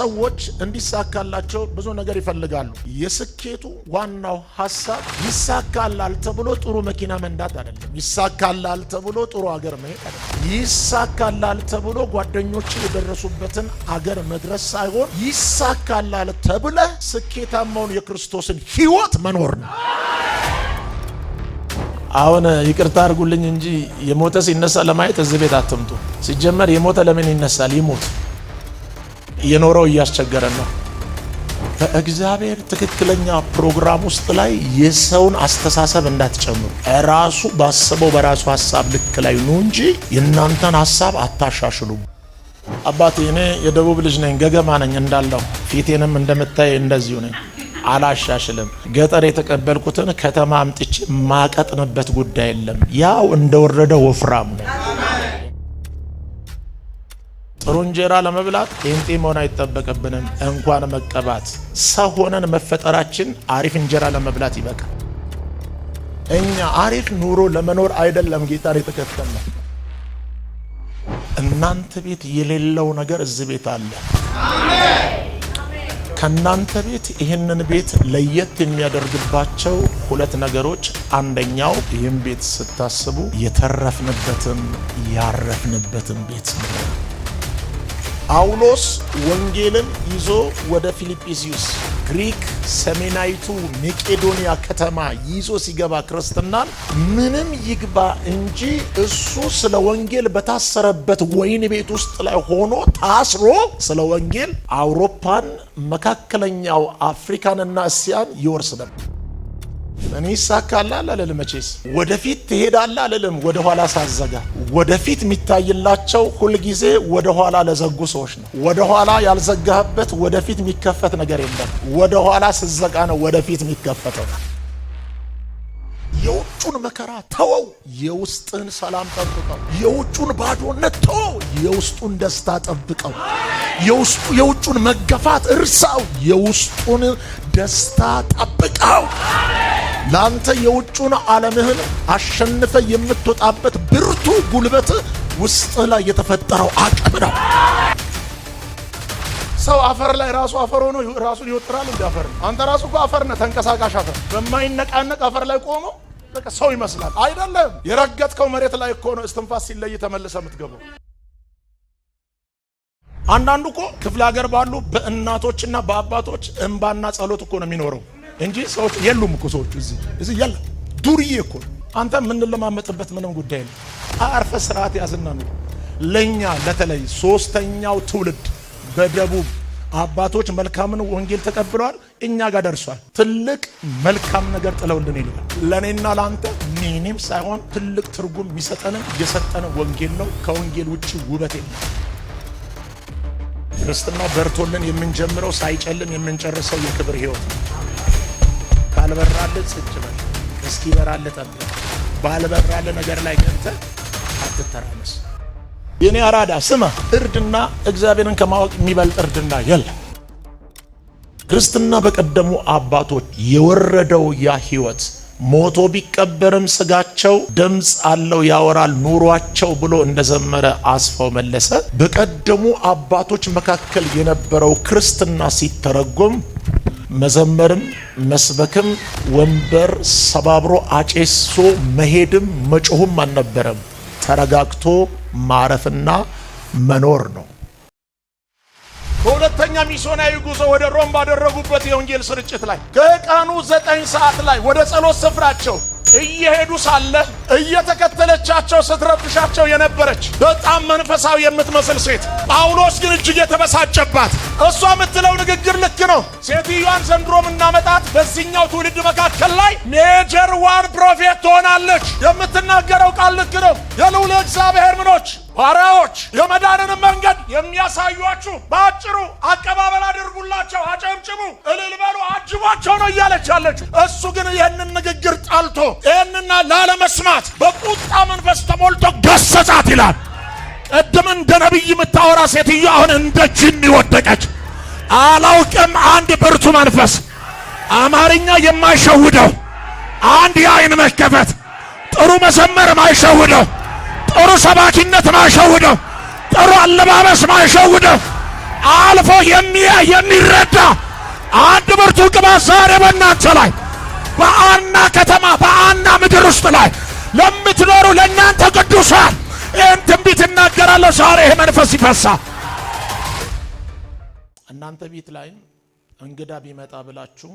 ሰዎች እንዲሳካላቸው ብዙ ነገር ይፈልጋሉ። የስኬቱ ዋናው ሀሳብ ይሳካላል ተብሎ ጥሩ መኪና መንዳት አይደለም። ይሳካላል ተብሎ ጥሩ አገር መሄድ አይደለም። ይሳካላል ተብሎ ጓደኞች የደረሱበትን አገር መድረስ ሳይሆን ይሳካላል ተብለ ስኬታማውን የክርስቶስን ሕይወት መኖር ነው። አሁን ይቅርታ አድርጉልኝ እንጂ የሞተ ሲነሳ ለማየት እዚህ ቤት አትምጡ። ሲጀመር የሞተ ለምን ይነሳል? ይሞት የኖረው እያስቸገረን ነው። በእግዚአብሔር ትክክለኛ ፕሮግራም ውስጥ ላይ የሰውን አስተሳሰብ እንዳትጨምሩ። ራሱ ባስበው በራሱ ሀሳብ ልክ ላይ ኑ እንጂ የእናንተን ሀሳብ አታሻሽሉ። አባቴ እኔ የደቡብ ልጅ ነኝ፣ ገገማ ነኝ እንዳለው ፊቴንም እንደምታይ እንደዚሁ ነኝ። አላሻሽልም። ገጠር የተቀበልኩትን ከተማ አምጥቼ ማቀጥንበት ጉዳይ የለም። ያው እንደወረደ ወፍራም ነው። እንጀራ ለመብላት ጴንጤ መሆን አይጠበቅብንም። እንኳን መቀባት ሰው ሆነን መፈጠራችን አሪፍ እንጀራ ለመብላት ይበቃል። እኛ አሪፍ ኑሮ ለመኖር አይደለም ጌታን የተከተልነው። እናንተ ቤት የሌለው ነገር እዚህ ቤት አለ። ከእናንተ ቤት ይህንን ቤት ለየት የሚያደርግባቸው ሁለት ነገሮች፣ አንደኛው ይህን ቤት ስታስቡ የተረፍንበትም ያረፍንበትም ቤት ነው። ጳውሎስ ወንጌልን ይዞ ወደ ፊልጵስዩስ ግሪክ ሰሜናዊቱ መቄዶንያ ከተማ ይዞ ሲገባ ክርስትናን ምንም ይግባ እንጂ እሱ ስለ ወንጌል በታሰረበት ወይን ቤት ውስጥ ላይ ሆኖ ታስሮ ስለ ወንጌል አውሮፓን፣ መካከለኛው አፍሪካንና እስያን ይወርስ ነበር። እኔ ይሳካላል አልልም። መቼስ ወደፊት ትሄዳላ አልልም። ወደኋላ ሳዘጋ ወደፊት የሚታይላቸው ሁልጊዜ ወደኋላ ለዘጉ ሰዎች ነው። ወደኋላ ያልዘጋህበት ወደፊት የሚከፈት ነገር የለም። ወደኋላ ስዘጋ ነው ወደፊት የሚከፈተው። የውጩን መከራ ተወው፣ የውስጥን ሰላም ጠብቀው። የውጩን ባዶነት ተወው፣ የውስጡን ደስታ ጠብቀው። የውጩን መገፋት እርሳው፣ የውስጡን ደስታ ጠብቀው። ለአንተ የውጩን ዓለምህን አሸንፈ የምትወጣበት ብርቱ ጉልበት ውስጥ ላይ የተፈጠረው አቅም ነው። ሰው አፈር ላይ ራሱ አፈር ሆኖ ራሱን ይወጥራል። እንዲ አፈር አንተ ራሱ እኮ አፈር ነህ፣ ተንቀሳቃሽ አፈር። በማይነቃነቅ አፈር ላይ ቆሞ በቃ ሰው ይመስላል። አይደለም፣ የረገጥከው መሬት ላይ እኮ ነው እስትንፋስ ሲለይ ተመልሰ የምትገባው። አንዳንዱ እኮ ክፍለ ሀገር ባሉ በእናቶችና በአባቶች እንባና ጸሎት እኮ ነው የሚኖረው። እንጂ ሰዎች የሉም እኮ ሰዎቹ እዚህ እዚህ ያለ ዱርዬ እኮ አንተ የምንለማመጥበት ምንም ጉዳይ ነው። አርፈ ስርዓት ያዝና ነው። ለእኛ ለተለይ ሶስተኛው ትውልድ በደቡብ አባቶች መልካምን ወንጌል ተቀብለዋል፣ እኛ ጋር ደርሷል። ትልቅ መልካም ነገር ጥለውልን ይልል ለእኔና ለአንተ ሚኒም ሳይሆን ትልቅ ትርጉም የሚሰጠንም የሰጠን ወንጌል ነው። ከወንጌል ውጭ ውበት የለም። ክርስትና በርቶልን የምንጀምረው ሳይጨልም የምንጨርሰው የክብር ህይወት ካልበራልህ ጽድቅ በል። እስኪበራልህ ጠብቅ። ባልበራልህ ነገር ላይ ገብተ አትተራመስ። የኔ አራዳ ስማ፣ እርድና እግዚአብሔርን ከማወቅ የሚበልጥ እርድና የለም። ክርስትና በቀደሙ አባቶች የወረደው ያ ህይወት ሞቶ ቢቀበርም ስጋቸው ድምፅ አለው ያወራል ኑሯቸው ብሎ እንደዘመረ አስፋው መለሰ። በቀደሙ አባቶች መካከል የነበረው ክርስትና ሲተረጎም መዘመርም መስበክም ወንበር ሰባብሮ አጨሶ መሄድም መጮህም አልነበረም። ተረጋግቶ ማረፍና መኖር ነው። በሁለተኛ ሚስዮናዊ ጉዞ ወደ ሮም ባደረጉበት የወንጌል ስርጭት ላይ ከቀኑ ዘጠኝ ሰዓት ላይ ወደ ጸሎት ስፍራቸው እየሄዱ ሳለ እየተከተለቻቸው ስትረብሻቸው የነበረች በጣም መንፈሳዊ የምትመስል ሴት ጳውሎስ ግን እጅግ የተበሳጨባት እሷ የምትለው ንግግር ልክ ነው። ሴትዮዋን ዘንድሮ የምናመጣት በዚህኛው ትውልድ መካከል ላይ ሜጀር ዋን ፕሮፌት ትሆናለች። የምትናገረው ቃል ልክ ነው። የልዑል እግዚአብሔር ምኖች ባሪያዎች የመዳንን መንገድ የሚያሳዩአችሁ በአጭሩ አቀባበል አድርጉላቸው፣ አጨምጭሙ፣ እልል በሉ፣ አጅቧቸው ነው እያለች ያለችው። እሱ ግን ይህንን ንግግር ጠልቶ ይህንና ላለመስማት በቁጣ መንፈስ ተሞልቶ ገሰጻት ይላል። ቀደም እንደ ነቢይ የምታወራ ሴትዮ አሁን እንደ ጅን ወደቀች። አላውቅም። አንድ ብርቱ መንፈስ አማርኛ የማይሸውደው አንድ የአይን መከፈት፣ ጥሩ መዘመር ማይሸውደው፣ ጥሩ ሰባኪነት ማይሸውደው፣ ጥሩ አለባበስ ማይሸውደው፣ አልፎ የሚያ የሚረዳ አንድ ብርቱ ቅባት ዛሬ በእናንተ ላይ በአና ከተማ በአና ምድር ውስጥ ላይ ለምትኖሩ ለእናንተ ቅዱሳን ይህን ትንቢት እናገራለሁ። ዛሬ ይህ መንፈስ ይፈሳ። እናንተ ቤት ላይ እንግዳ ቢመጣ ብላችሁ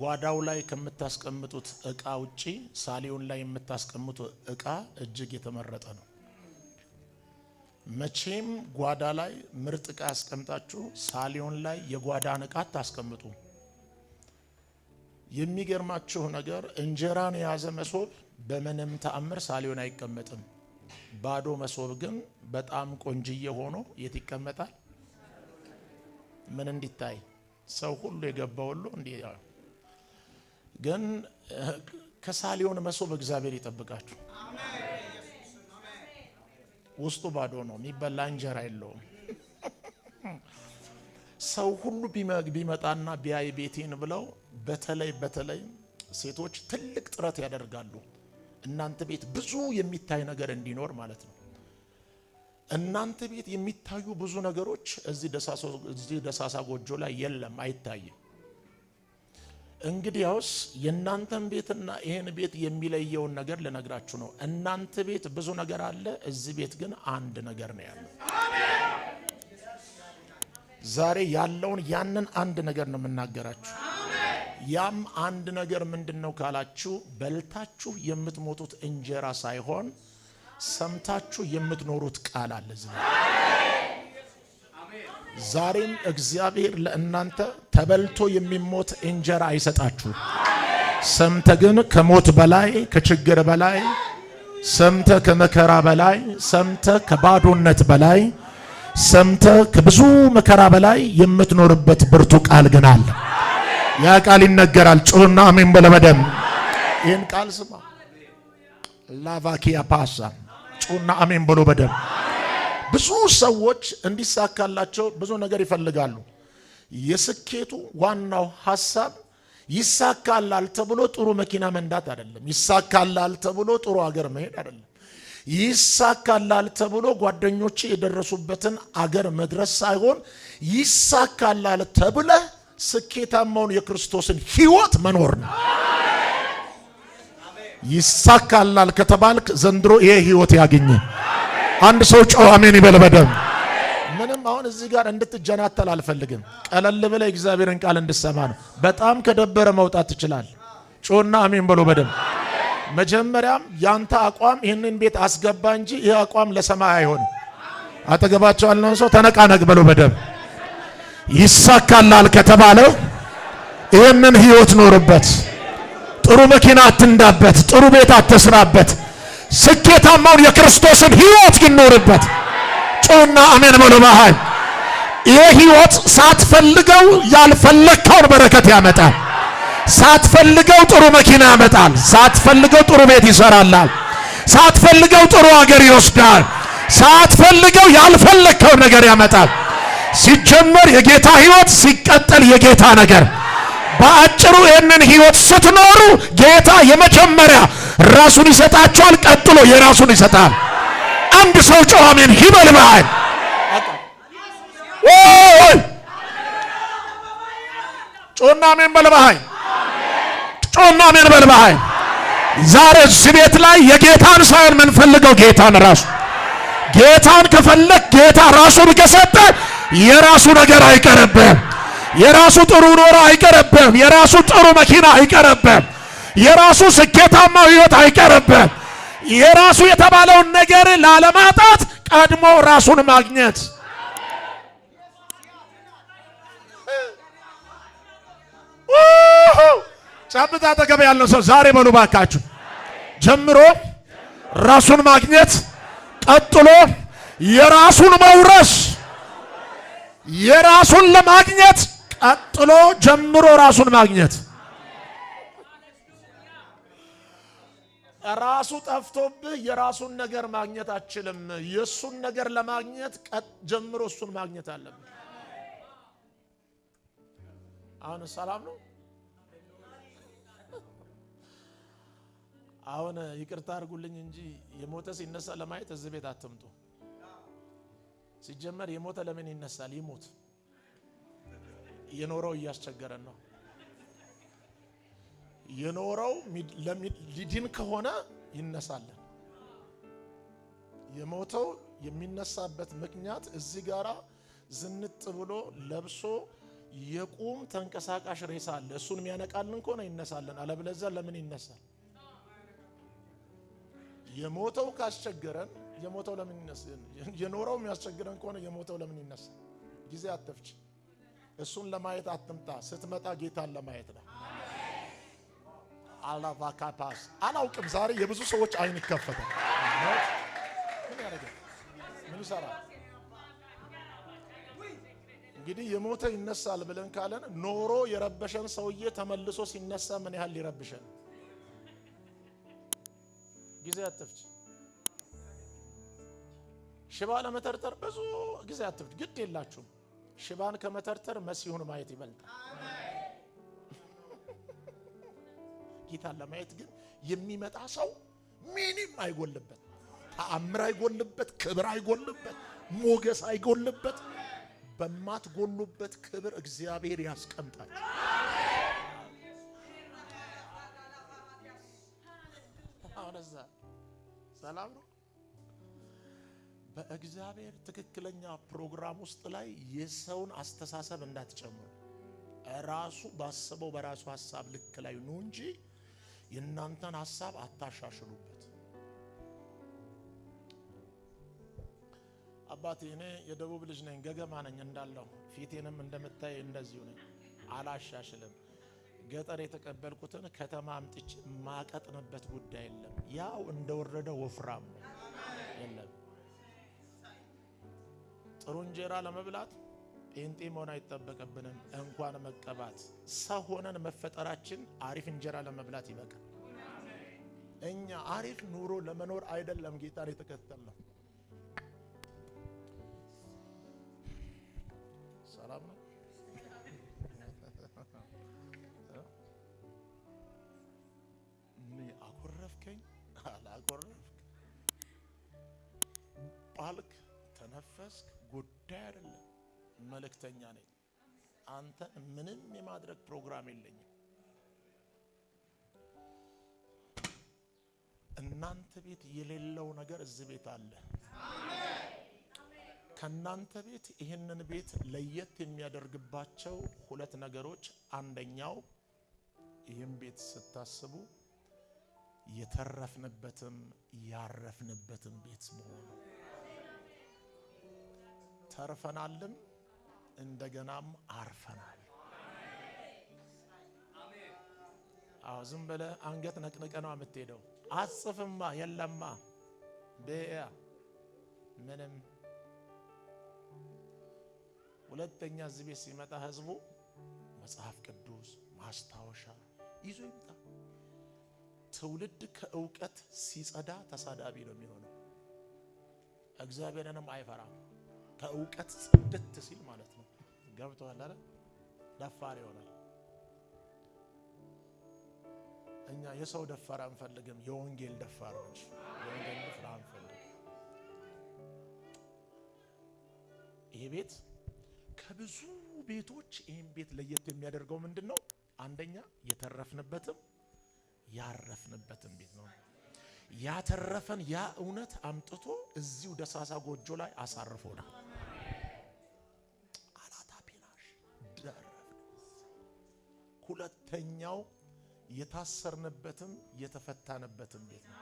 ጓዳው ላይ ከምታስቀምጡት እቃ ውጪ ሳሊዮን ላይ የምታስቀምጡ እቃ እጅግ የተመረጠ ነው። መቼም ጓዳ ላይ ምርጥ እቃ አስቀምጣችሁ ሳሊዮን ላይ የጓዳን እቃ አታስቀምጡ። የሚገርማችሁ ነገር እንጀራን የያዘ መሶብ በምንም ተአምር ሳሊዮን አይቀመጥም። ባዶ መሶብ ግን በጣም ቆንጅዬ ሆኖ የት ይቀመጣል? ምን እንዲታይ ሰው ሁሉ የገባው ሁሉ እንዲህ ግን ከሳሊዮን መሶብ እግዚአብሔር ይጠብቃችሁ። ውስጡ ባዶ ነው፣ የሚበላ እንጀራ የለውም። ሰው ሁሉ ቢመጣና ቢያይ ቤቴን ብለው በተለይ በተለይ ሴቶች ትልቅ ጥረት ያደርጋሉ። እናንተ ቤት ብዙ የሚታይ ነገር እንዲኖር ማለት ነው። እናንተ ቤት የሚታዩ ብዙ ነገሮች እዚህ ደሳሳ ጎጆ ላይ የለም፣ አይታይም። እንግዲያውስ የእናንተን ቤትና ይህን ቤት የሚለየውን ነገር ልነግራችሁ ነው። እናንተ ቤት ብዙ ነገር አለ፣ እዚህ ቤት ግን አንድ ነገር ነው ያለው። ዛሬ ያለውን ያንን አንድ ነገር ነው የምናገራችሁ። ያም አንድ ነገር ምንድን ነው ካላችሁ በልታችሁ የምትሞቱት እንጀራ ሳይሆን ሰምታችሁ የምትኖሩት ቃል አለ። ዛሬም እግዚአብሔር ለእናንተ ተበልቶ የሚሞት እንጀራ አይሰጣችሁ። ሰምተ ግን ከሞት በላይ ከችግር በላይ ሰምተ ከመከራ በላይ ሰምተ ከባዶነት በላይ ሰምተ ከብዙ መከራ በላይ የምትኖርበት ብርቱ ቃል ግን አለ። ያ ቃል ይነገራል። ጩኸና አሜን በለ በደም ይህን ቃል ስማ። ላቫኪያ ፓሳ ጩኸና አሜን ብሎ በደም ብዙ ሰዎች እንዲሳካላቸው ብዙ ነገር ይፈልጋሉ። የስኬቱ ዋናው ሀሳብ ይሳካላል ተብሎ ጥሩ መኪና መንዳት አይደለም። ይሳካላል ተብሎ ጥሩ አገር መሄድ አይደለም። ይሳካላል ተብሎ ጓደኞቼ የደረሱበትን አገር መድረስ ሳይሆን ይሳካላል ተብለህ ስኬታማውን የክርስቶስን ህይወት መኖር ነው። ይሳካላል ከተባልክ ዘንድሮ ይሄ ህይወት ያገኘ አንድ ሰው ጮህ አሜን ይበል። በደም ምንም አሁን እዚህ ጋር እንድትጀናተል አልፈልግም። ቀለል ብለህ እግዚአብሔርን ቃል እንድሰማ ነው። በጣም ከደበረ መውጣት ትችላል። ጮና አሜን በሎ በደም መጀመሪያም ያንተ አቋም ይህንን ቤት አስገባ እንጂ ይህ አቋም ለሰማይ አይሆንም። አጠገባቸው ያለውን ሰው ተነቃነቅ በሎ በደም ይሳካላል ከተባለው ይህንን ህይወት ኖርበት። ጥሩ መኪና አትንዳበት፣ ጥሩ ቤት አትስራበት። ስኬታማውን የክርስቶስን ህይወት ግን ኖርበት። ጩና አሜን በሉ መሃል ይህ ህይወት ሳትፈልገው ያልፈለግከውን በረከት ያመጣል። ሳትፈልገው ጥሩ መኪና ያመጣል። ሳትፈልገው ጥሩ ቤት ይሰራላል። ሳትፈልገው ጥሩ አገር ይወስዳል። ሳትፈልገው ያልፈለግከውን ነገር ያመጣል። ሲጀመር የጌታ ህይወት፣ ሲቀጠል የጌታ ነገር። በአጭሩ ይህንን ህይወት ስትኖሩ ጌታ የመጀመሪያ ራሱን ይሰጣቸዋል፣ ቀጥሎ የራሱን ይሰጣል። አንድ ሰው ጨዋሜን ይበልባል። ጮናሜን በልባሃይ ጮናሜን በልባሃይ ዛሬ እዚህ ቤት ላይ የጌታን ሳይሆን የምንፈልገው ጌታን ራሱ ጌታን ከፈለግ ጌታ ራሱን ከሰጠ የራሱ ነገር አይቀርብም። የራሱ ጥሩ ኖሮ አይቀርብም። የራሱ ጥሩ መኪና አይቀርብም። የራሱ ስኬታማ ህይወት አይቀርብም። የራሱ የተባለውን ነገር ላለማጣት ቀድሞ ራሱን ማግኘት ጨብጣ አጠገብ ያለው ሰው ዛሬ በሉ ባካችሁ ጀምሮ ራሱን ማግኘት ቀጥሎ የራሱን መውረስ የራሱን ለማግኘት ቀጥሎ ጀምሮ ራሱን ማግኘት ራሱ ጠፍቶብህ የራሱን ነገር ማግኘት አችልም። የእሱን ነገር ለማግኘት ጀምሮ እሱን ማግኘት አለብህ። አሁን ሰላም ነው። አሁን ይቅርታ አድርጉልኝ እንጂ የሞተ ሲነሳ ለማየት እዚህ ቤት አትምጡ። ሲጀመር የሞተ ለምን ይነሳል? ይሞት። የኖረው እያስቸገረን ነው። የኖረው ሊድን ከሆነ ይነሳለን። የሞተው የሚነሳበት ምክንያት እዚህ ጋራ ዝንጥ ብሎ ለብሶ የቁም ተንቀሳቃሽ ሬሳ አለ። እሱን የሚያነቃልን ከሆነ ይነሳለን፣ አለበለዚያ ለምን ይነሳል? የሞተው ካስቸገረን የሞተው ለምን ይነሳ? የኖረው የሚያስቸግረን ከሆነ የሞተው ለምን ይነሳ? ጊዜ አትፍጭ። እሱን ለማየት አትምጣ። ስትመጣ ጌታን ለማየት ነው። አላቫካፓስ አላውቅም። ዛሬ የብዙ ሰዎች አይን ይከፈታል። ምን ያደርጋል? ምን ይሰራል? እንግዲህ የሞተ ይነሳል ብለን ካለን ኖሮ የረበሸን ሰውዬ ተመልሶ ሲነሳ ምን ያህል ሊረብሸን ጊዜ አትፍጭ። ሽባ ለመተርተር ብዙ ጊዜ አትፍጭ። ግድ የላችሁም። ሽባን ከመተርተር መሲሁን ማየት ይበልጣል። ጌታን ለማየት ግን የሚመጣ ሰው ምንም አይጎልበት፣ ተአምር አይጎልበት፣ ክብር አይጎልበት፣ ሞገስ አይጎልበት። በማትጎሉበት ክብር እግዚአብሔር ያስቀምጣል። በእግዚአብሔር ትክክለኛ ፕሮግራም ውስጥ ላይ የሰውን አስተሳሰብ እንዳትጨምሩ። ራሱ ባስበው በራሱ ሀሳብ ልክ ላይ ኑ እንጂ የእናንተን ሀሳብ አታሻሽሉበት። አባቴ እኔ የደቡብ ልጅ ነኝ፣ ገገማ ነኝ እንዳለው ፊቴንም እንደምታይ እንደዚሁ ነኝ። አላሻሽልም። ገጠር የተቀበልኩትን ከተማ አምጥቼ ማቀጥንበት ጉዳይ የለም። ያው እንደወረደ ወፍራም ነው የለም ጥሩ እንጀራ ለመብላት ጴንጤ መሆን አይጠበቅብንም። እንኳን መቀባት ሰው ሆነን መፈጠራችን አሪፍ እንጀራ ለመብላት ይበቃል። እኛ አሪፍ ኑሮ ለመኖር አይደለም ጌታን የተከተልነው። ሰላም ነው። አኮረፍከኝ አላኮረፍክ ባልክ ከተነፈስክ ጉዳይ አይደለም። መልእክተኛ ነኝ። አንተ ምንም የማድረግ ፕሮግራም የለኝም። እናንተ ቤት የሌለው ነገር እዚህ ቤት አለ። ከእናንተ ቤት ይህንን ቤት ለየት የሚያደርግባቸው ሁለት ነገሮች፣ አንደኛው ይህም ቤት ስታስቡ የተረፍንበትም ያረፍንበትም ቤት መሆኑ ተርፈናልም እንደገናም አርፈናል። አዎ ዝም ብለህ አንገት ነቅንቀ ነው የምትሄደው። አጽፍማ የለማ ቤያ ምንም ሁለተኛ እዚህ ቤት ሲመጣ ህዝቡ መጽሐፍ ቅዱስ ማስታወሻ ይዞ ይምጣ። ትውልድ ከእውቀት ሲጸዳ ተሳዳቢ ነው የሚሆነው። እግዚአብሔርንም አይፈራም። ከእውቀት ጽድት ሲል ማለት ነው። ገብቶሃል አይደል? ደፋር ይሆናል። እኛ የሰው ደፋር አንፈልግም፣ የወንጌል ደፋሮች የወንጌል ደፋር አንፈልግም። ይሄ ቤት ከብዙ ቤቶች ይህም ቤት ለየት የሚያደርገው ምንድን ነው? አንደኛ የተረፍንበትም ያረፍንበትም ቤት ነው። ያተረፈን ያ እውነት አምጥቶ እዚሁ ደሳሳ ጎጆ ላይ አሳርፎናል። የታሰርንበትም የተፈታንበትም ቤት ነው።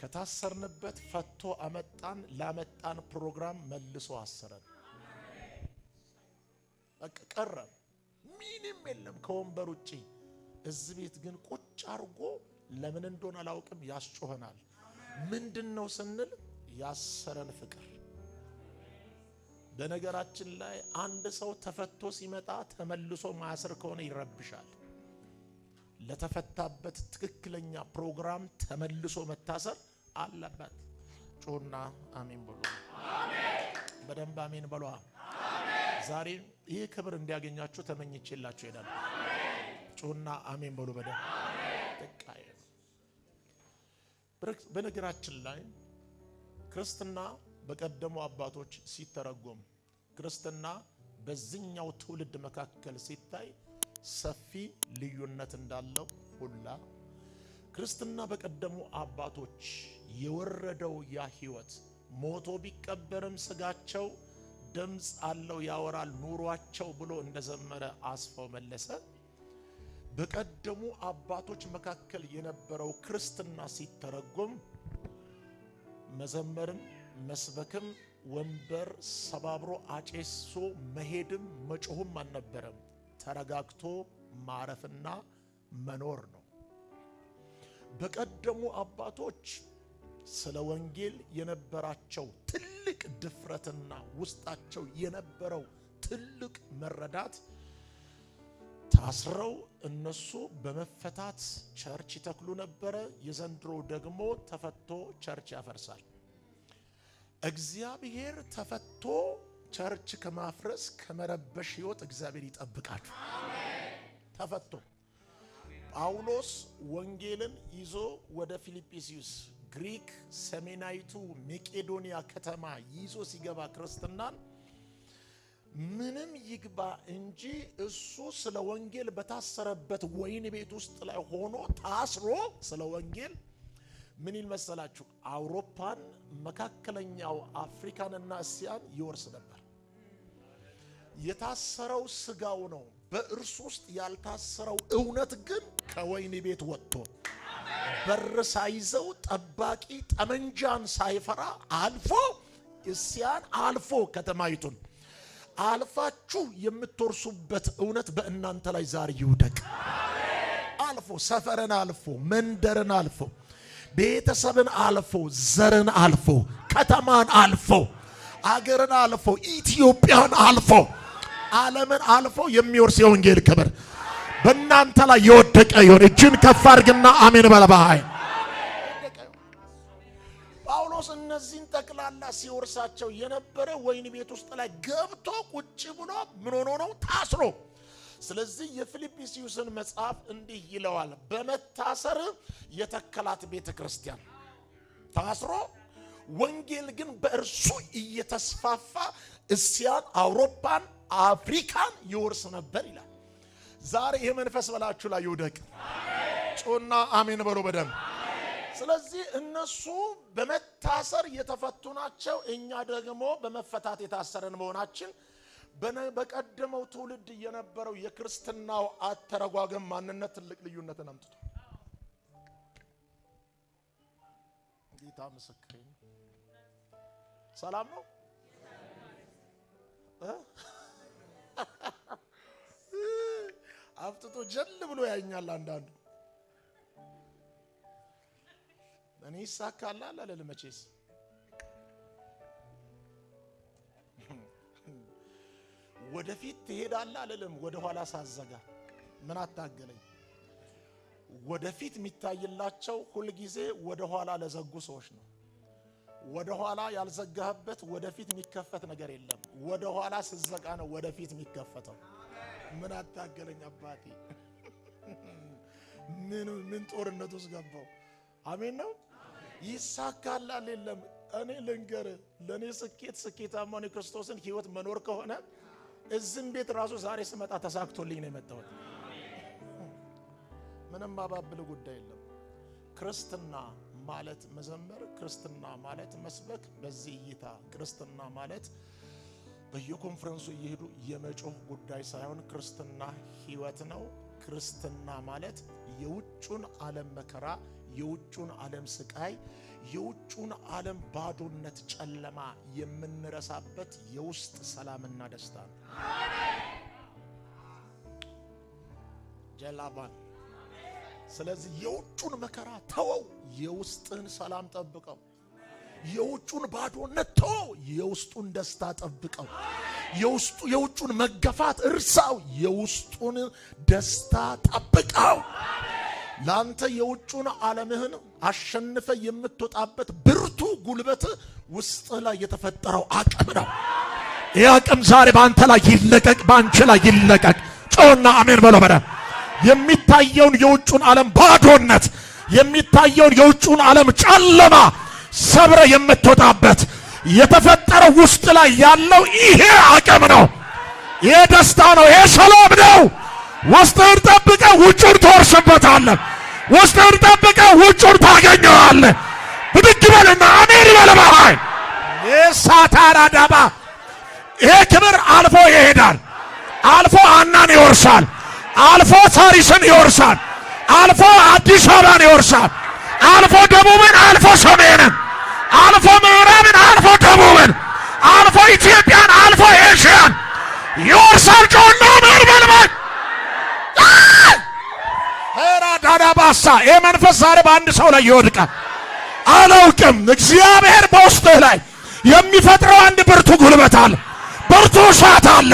ከታሰርንበት ፈቶ አመጣን። ላመጣን ፕሮግራም መልሶ አሰረን። በቃ ቀረ፣ ምንም የለም ከወንበር ውጪ። እዚህ ቤት ግን ቁጭ አድርጎ ለምን እንደሆነ አላውቅም ያስጮኸናል። ምንድን ነው ስንል ያሰረን ፍቅር። በነገራችን ላይ አንድ ሰው ተፈቶ ሲመጣ ተመልሶ ማያስር ከሆነ ይረብሻል። ለተፈታበት ትክክለኛ ፕሮግራም ተመልሶ መታሰር አለበት። ጩና አሜን ብሎ በደንብ አሜን በሏ። ዛሬ ይህ ክብር እንዲያገኛችሁ ተመኝቼላችሁ ሄዳል። ጩና አሜን ብሎ በደንብ በነገራችን ላይ ክርስትና በቀደሙ አባቶች ሲተረጎም ክርስትና በዚህኛው ትውልድ መካከል ሲታይ ሰፊ ልዩነት እንዳለው ሁላ ክርስትና በቀደሙ አባቶች የወረደው ያ ሕይወት ሞቶ ቢቀበርም ስጋቸው ድምፅ አለው ያወራል ኑሯቸው ብሎ እንደዘመረ አስፋው መለሰ በቀደሙ አባቶች መካከል የነበረው ክርስትና ሲተረጎም መዘመርም መስበክም ወንበር ሰባብሮ አጨሶ መሄድም መጮህም አልነበረም። ተረጋግቶ ማረፍና መኖር ነው። በቀደሙ አባቶች ስለ ወንጌል የነበራቸው ትልቅ ድፍረትና ውስጣቸው የነበረው ትልቅ መረዳት ታስረው እነሱ በመፈታት ቸርች ይተክሉ ነበረ። የዘንድሮ ደግሞ ተፈቶ ቸርች ያፈርሳል። እግዚአብሔር ተፈቶ ቸርች ከማፍረስ ከመረበሽ ህይወት እግዚአብሔር ይጠብቃችሁ። ተፈቶ ጳውሎስ ወንጌልን ይዞ ወደ ፊልጵስዩስ ግሪክ ሰሜናዊቱ መቄዶንያ ከተማ ይዞ ሲገባ ክርስትናን ምንም ይግባ እንጂ እሱ ስለ ወንጌል በታሰረበት ወይን ቤት ውስጥ ላይ ሆኖ ታስሮ ስለ ወንጌል ምን ይል መሰላችሁ? አውሮፓን፣ መካከለኛው አፍሪካንና እስያን ይወርስ ነበር። የታሰረው ስጋው ነው። በእርሱ ውስጥ ያልታሰረው እውነት ግን ከወይኒ ቤት ወጥቶ በር ሳይዘው ጠባቂ ጠመንጃን ሳይፈራ አልፎ እስያን አልፎ ከተማይቱን አልፋችሁ የምትወርሱበት እውነት በእናንተ ላይ ዛሬ ይውደቅ። አልፎ ሰፈርን አልፎ መንደርን አልፎ ቤተሰብን አልፎ ዘርን አልፎ ከተማን አልፎ አገርን አልፎ ኢትዮጵያን አልፎ ዓለምን አልፎ የሚወርስ የወንጌል ክብር በእናንተ ላይ የወደቀ ይሆን። እጅን ከፍ አድርግና አሜን በለባሃይ ጳውሎስ እነዚህን ጠቅላላ ሲወርሳቸው የነበረ ወይን ቤት ውስጥ ላይ ገብቶ ቁጭ ብሎ ምን ሆኖ ነው? ታስሮ። ስለዚህ የፊልጵስዩስን መጽሐፍ እንዲህ ይለዋል፣ በመታሰር የተከላት ቤተ ክርስቲያን ታስሮ ወንጌል ግን በእርሱ እየተስፋፋ እስያን፣ አውሮፓን አፍሪካን ይወርስ ነበር ይላል። ዛሬ ይህ መንፈስ በላችሁ ላይ ይውደቅ። ጮና አሜን በሎ በደም ስለዚህ እነሱ በመታሰር የተፈቱ ናቸው። እኛ ደግሞ በመፈታት የታሰረን መሆናችን በቀደመው ትውልድ የነበረው የክርስትናው አተረጓገም ማንነት ትልቅ ልዩነትን አምጥቶ ጌታ ምስክሬ ሰላም ነው። አፍጥጦ ጀል ብሎ ያኛል። አንዳንዱ እኔ ይሳካል አለ መቼስ ወደፊት ትሄዳለህ አልልም። ወደ ኋላ ሳዘጋ ምን አታገለኝ። ወደፊት የሚታይላቸው ሁልጊዜ ወደ ኋላ ለዘጉ ሰዎች ነው። ወደ ኋላ ያልዘጋህበት ወደፊት የሚከፈት ነገር የለም። ወደ ኋላ ስዘጋ ነው ወደፊት የሚከፈተው። ምን አታገለኝ አባቴ፣ ምን ምን ጦርነት ውስጥ ገባው። አሜን ነው ይሳካላል። የለም እኔ ልንገር፣ ለእኔ ስኬት ስኬታማ ነው የክርስቶስን ህይወት መኖር ከሆነ እዝም ቤት ራሱ ዛሬ ስመጣ ተሳክቶልኝ ነው የመጣሁት። ምንም አባብል ጉዳይ የለም። ክርስትና ማለት መዘመር፣ ክርስትና ማለት መስበክ፣ በዚህ እይታ ክርስትና ማለት በየኮንፈረንሱ እየሄዱ የመጮህ ጉዳይ ሳይሆን ክርስትና ህይወት ነው። ክርስትና ማለት የውጩን ዓለም መከራ፣ የውጩን ዓለም ስቃይ፣ የውጩን ዓለም ባዶነት፣ ጨለማ የምንረሳበት የውስጥ ሰላምና ደስታ ነው። ጀላባን ስለዚህ የውጩን መከራ ተወው፣ የውስጥህን ሰላም ጠብቀው። የውጩን ባዶነት ተው፣ የውስጡን ደስታ ጠብቀው። የውጩን መገፋት እርሳው፣ የውስጡን ደስታ ጠብቀው። ለአንተ የውጩን ዓለምህን አሸንፈ የምትወጣበት ብርቱ ጉልበት ውስጥ ላይ የተፈጠረው አቅም ነው። ይህ አቅም ዛሬ በአንተ ላይ ይለቀቅ፣ በአንቺ ላይ ይለቀቅ። ጮና አሜን በሎ በረ የሚታየውን የውጩን ዓለም ባዶነት የሚታየውን የውጩን ዓለም ጨለማ ሰብረ የምትወጣበት የተፈጠረው ውስጥ ላይ ያለው ይሄ አቅም ነው። ይሄ ደስታ ነው። ይሄ ሰላም ነው። ውስጥህን ጠብቀ ውጩን ትወርስበታለህ። ውስጥህን ጠብቀ ውጩን ታገኘዋለህ። ብድግ በልና አሜን በል በላይ ሳታራ ዳባ ይሄ ክብር አልፎ ይሄዳል። አልፎ አናን ይወርሳል። አልፎ ሳሪስን ይወርሳል። አልፎ አዲስ አበባን ይወርሳል። አልፎ ደቡብን፣ አልፎ ሰሜንን አልፎ ምዕራብን፣ አልፎ ደቡብን፣ አልፎ ኢትዮጵያን፣ አልፎ ኤሽያን ይወርሳል። ጮና ምርበልበል ራዳዳባሳ ይህ መንፈስ ዛሬ በአንድ ሰው ላይ ይወድቃል። አላውቅም እግዚአብሔር በውስጥህ ላይ የሚፈጥረው አንድ ብርቱ ጉልበት አለ፣ ብርቱ እሳት አለ፣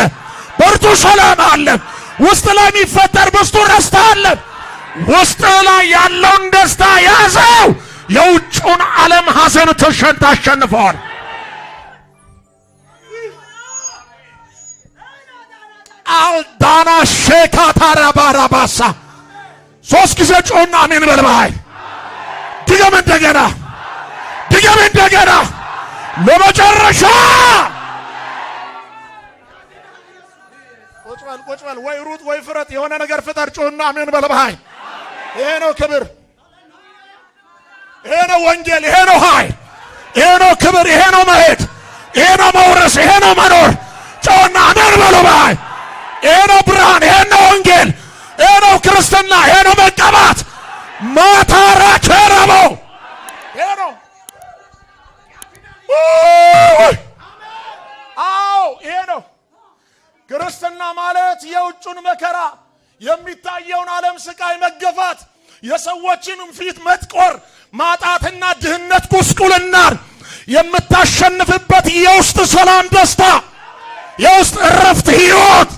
ብርቱ ሰላም አለ። ውስጥ ላይ የሚፈጠር ብስቱ ደስታ አለ። ውስጥ ላይ ያለውን ደስታ ያዘ። የውጭውን ዓለም ሐዘን ትሸንት አሸንፈዋል። አልዳና ሼካ ታራባራባሳ ሶስት ጊዜ ጮና አሜን በልባይ ድገም እንደገና ድገም እንደገና ለመጨረሻ ቁጭ በል ወይ ሩጥ ወይ ፍረጥ የሆነ ነገር ፍጠር ጮና አሜን በልባይ ይሄ ነው ክብር ይሄ ነው ወንጌል፣ ይሄ ነው ኃይል፣ ይሄ ነው ክብር፣ ይሄ ነው መሄድ፣ ይሄ ነው መውረስ፣ ይሄ ነው መኖር። ጨውና አሜን በሉ በይ። ይሄ ነው ብርሃን፣ ይሄ ነው ወንጌል፣ ይሄ ነው ክርስትና፣ ይሄ ነው መቀባት ማታራ ቸረቦ ይሄ ነው። አዎ ይሄ ነው ክርስትና ማለት የውጩን መከራ የሚታየውን ዓለም ስቃይ መገፋት የሰዎችንም ፊት መጥቆር ማጣትና ድህነት ጉስቁልናን የምታሸንፍበት የውስጥ ሰላም ደስታ፣ የውስጥ እረፍት ህይወት